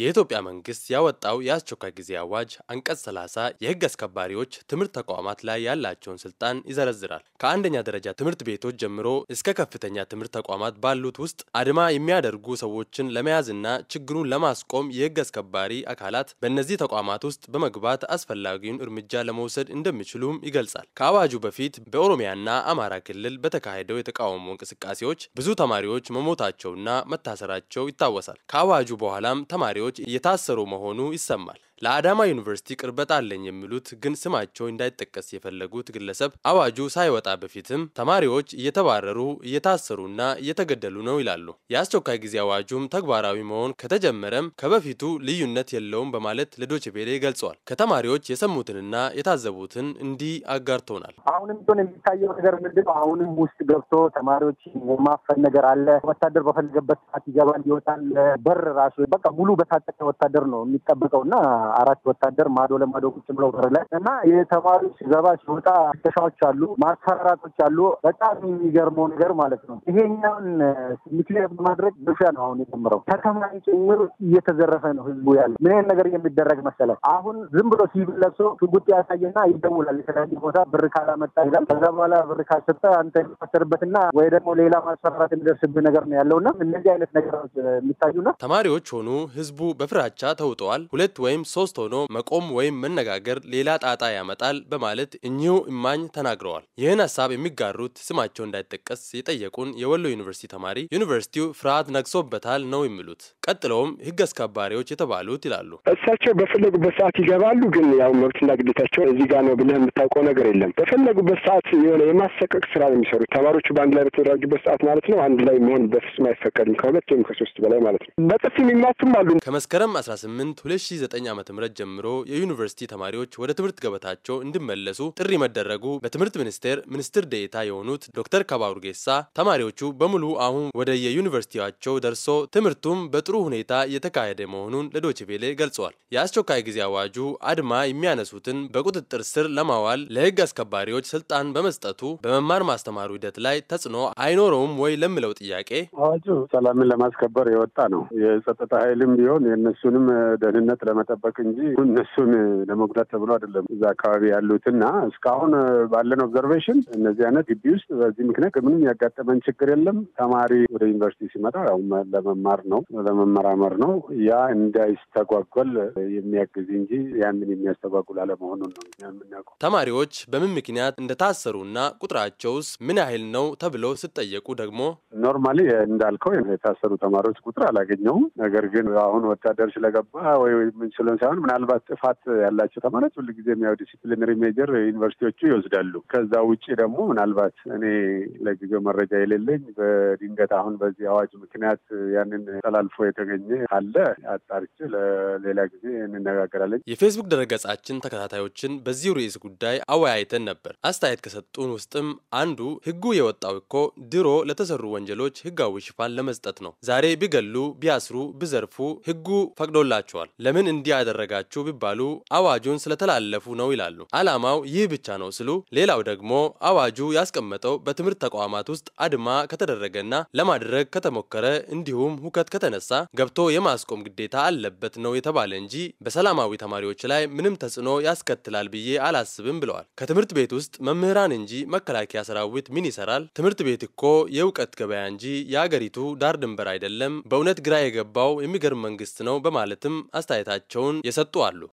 የኢትዮጵያ መንግስት ያወጣው የአስቸኳይ ጊዜ አዋጅ አንቀጽ 30 የህግ አስከባሪዎች ትምህርት ተቋማት ላይ ያላቸውን ስልጣን ይዘረዝራል። ከአንደኛ ደረጃ ትምህርት ቤቶች ጀምሮ እስከ ከፍተኛ ትምህርት ተቋማት ባሉት ውስጥ አድማ የሚያደርጉ ሰዎችን ለመያዝና ችግሩን ለማስቆም የህግ አስከባሪ አካላት በእነዚህ ተቋማት ውስጥ በመግባት አስፈላጊውን እርምጃ ለመውሰድ እንደሚችሉም ይገልጻል። ከአዋጁ በፊት በኦሮሚያና አማራ ክልል በተካሄደው የተቃውሞ እንቅስቃሴዎች ብዙ ተማሪዎች መሞታቸውና መታሰራቸው ይታወሳል። ከአዋጁ በኋላም ተማሪዎች ተቃዋሚዎች እየታሰሩ መሆኑ ይሰማል። ለአዳማ ዩኒቨርሲቲ ቅርበት አለኝ የሚሉት ግን ስማቸው እንዳይጠቀስ የፈለጉት ግለሰብ አዋጁ ሳይወጣ በፊትም ተማሪዎች እየተባረሩ እየታሰሩና እየተገደሉ ነው ይላሉ። የአስቸኳይ ጊዜ አዋጁም ተግባራዊ መሆን ከተጀመረም ከበፊቱ ልዩነት የለውም በማለት ለዶችቤሌ ገልጸዋል። ከተማሪዎች የሰሙትንና የታዘቡትን እንዲህ አጋርተውናል። አሁንም ቢሆን የሚታየው ነገር ምንድን ነው? አሁንም ውስጥ ገብቶ ተማሪዎች የማፈን ነገር አለ። ወታደር በፈለገበት ሰዓት ይገባል ይወጣል። በር ራሱ በቃ ሙሉ በታጠቀ ወታደር ነው የሚጠበቀውና አራት ወታደር ማዶ ለማዶ ቁጭ ብለው በር ላይ እና የተማሪ ሲገባ ሲወጣ ፍተሻዎች አሉ፣ ማስፈራራቶች አሉ። በጣም የሚገርመው ነገር ማለት ነው ይሄኛውን ምክንያት በማድረግ ብሻ ነው አሁን የጀምረው ከተማሪ ጭምር እየተዘረፈ ነው ህዝቡ ያለ ምን ይሄን ነገር የሚደረግ መሰለ አሁን ዝም ብሎ ሲቪል ለብሶ ሽጉጥ ያሳየና ይደውላል የተለያዩ ቦታ ብር ካላመጣ ይላል። ከዛ በኋላ ብር ካልሰጠ አንተ የሚፈሰርበትና ወይ ደግሞ ሌላ ማስፈራራት የሚደርስብህ ነገር ነው ያለውና እነዚህ አይነት ነገሮች የሚታዩና ተማሪዎች ሆኑ ህዝቡ በፍራቻ ተውጠዋል። ሁለት ወይም ሶስት ሆኖ መቆም ወይም መነጋገር ሌላ ጣጣ ያመጣል በማለት እኚሁ እማኝ ተናግረዋል። ይህን ሀሳብ የሚጋሩት ስማቸው እንዳይጠቀስ የጠየቁን የወሎ ዩኒቨርሲቲ ተማሪ ዩኒቨርሲቲው ፍርሃት ነግሶበታል ነው የሚሉት። ቀጥለውም ህግ አስከባሪዎች የተባሉት ይላሉ። እሳቸው በፈለጉበት ሰዓት ይገባሉ። ግን ያው መብትና ግዴታቸው እዚህ ጋር ነው ብለህ የምታውቀው ነገር የለም። በፈለጉበት ሰዓት የሆነ የማሰቀቅ ስራ ነው የሚሰሩት። ተማሪዎቹ በአንድ ላይ በተደራጁበት ሰዓት ማለት ነው። አንድ ላይ መሆን በፍጹም አይፈቀድም። ከሁለት ወይም ከሶስት በላይ ማለት ነው። በጥፊ የሚማቱም አሉ። ከመስከረም አስራ ስምንት ሁለት ሺ ዘጠኝ ዓ.ም ጀምሮ የዩኒቨርሲቲ ተማሪዎች ወደ ትምህርት ገበታቸው እንዲመለሱ ጥሪ መደረጉ በትምህርት ሚኒስቴር ሚኒስትር ዴኤታ የሆኑት ዶክተር ካባ ጌሳ ተማሪዎቹ በሙሉ አሁን ወደ የዩኒቨርሲቲያቸው ደርሶ ትምህርቱም በጥሩ ሁኔታ እየተካሄደ መሆኑን ለዶችቬሌ ገልጸዋል። የአስቸኳይ ጊዜ አዋጁ አድማ የሚያነሱትን በቁጥጥር ስር ለማዋል ለህግ አስከባሪዎች ስልጣን በመስጠቱ በመማር ማስተማሩ ሂደት ላይ ተጽዕኖ አይኖረውም ወይ ለምለው ጥያቄ አዋጁ ሰላምን ለማስከበር የወጣ ነው። የጸጥታ ኃይልም ቢሆን የእነሱንም ደህንነት ለመጠበቅ ለማወቅ እንጂ እነሱን ለመጉዳት ተብሎ አይደለም እዛ አካባቢ ያሉት እና እስካሁን ባለን ኦብዘርቬሽን እነዚህ አይነት ግቢ ውስጥ በዚህ ምክንያት ምንም ያጋጠመን ችግር የለም። ተማሪ ወደ ዩኒቨርሲቲ ሲመጣ ያው ለመማር ነው ለመመራመር ነው። ያ እንዳይስተጓጎል የሚያግዝ እንጂ ያንን የሚያስተጓጉል አለመሆኑን ነው የምናውቀው። ተማሪዎች በምን ምክንያት እንደታሰሩና ቁጥራቸውስ ምን ያህል ነው ተብለው ስጠየቁ ደግሞ ኖርማሊ እንዳልከው የታሰሩ ተማሪዎች ቁጥር አላገኘውም። ነገር ግን አሁን ወታደር ስለገባ ወይ ምን ሳይሆን ምናልባት ጥፋት ያላቸው ተማሪዎች ሁልጊዜ ያው ዲሲፕሊነሪ ሜጀር ዩኒቨርሲቲዎቹ ይወስዳሉ። ከዛ ውጭ ደግሞ ምናልባት እኔ ለጊዜው መረጃ የሌለኝ በድንገት አሁን በዚህ አዋጅ ምክንያት ያንን ተላልፎ የተገኘ ካለ አጣርቼ ለሌላ ጊዜ እንነጋገራለን። የፌስቡክ ድረገጻችን ተከታታዮችን በዚሁ ርዕስ ጉዳይ አወያይተን ነበር። አስተያየት ከሰጡን ውስጥም አንዱ ህጉ የወጣው እኮ ድሮ ለተሰሩ ወንጀሎች ህጋዊ ሽፋን ለመስጠት ነው። ዛሬ ቢገሉ፣ ቢያስሩ፣ ቢዘርፉ ህጉ ፈቅዶላቸዋል። ለምን እንዲህ አደረጋችሁ ቢባሉ አዋጁን ስለተላለፉ ነው ይላሉ። አላማው ይህ ብቻ ነው ስሉ፣ ሌላው ደግሞ አዋጁ ያስቀመጠው በትምህርት ተቋማት ውስጥ አድማ ከተደረገና ለማድረግ ከተሞከረ እንዲሁም ሁከት ከተነሳ ገብቶ የማስቆም ግዴታ አለበት ነው የተባለ እንጂ በሰላማዊ ተማሪዎች ላይ ምንም ተጽዕኖ ያስከትላል ብዬ አላስብም ብለዋል። ከትምህርት ቤት ውስጥ መምህራን እንጂ መከላከያ ሰራዊት ምን ይሰራል? ትምህርት ቤት እኮ የእውቀት ገበያ እንጂ የአገሪቱ ዳር ድንበር አይደለም። በእውነት ግራ የገባው የሚገርም መንግስት ነው በማለትም አስተያየታቸውን የሰጡ አሉ።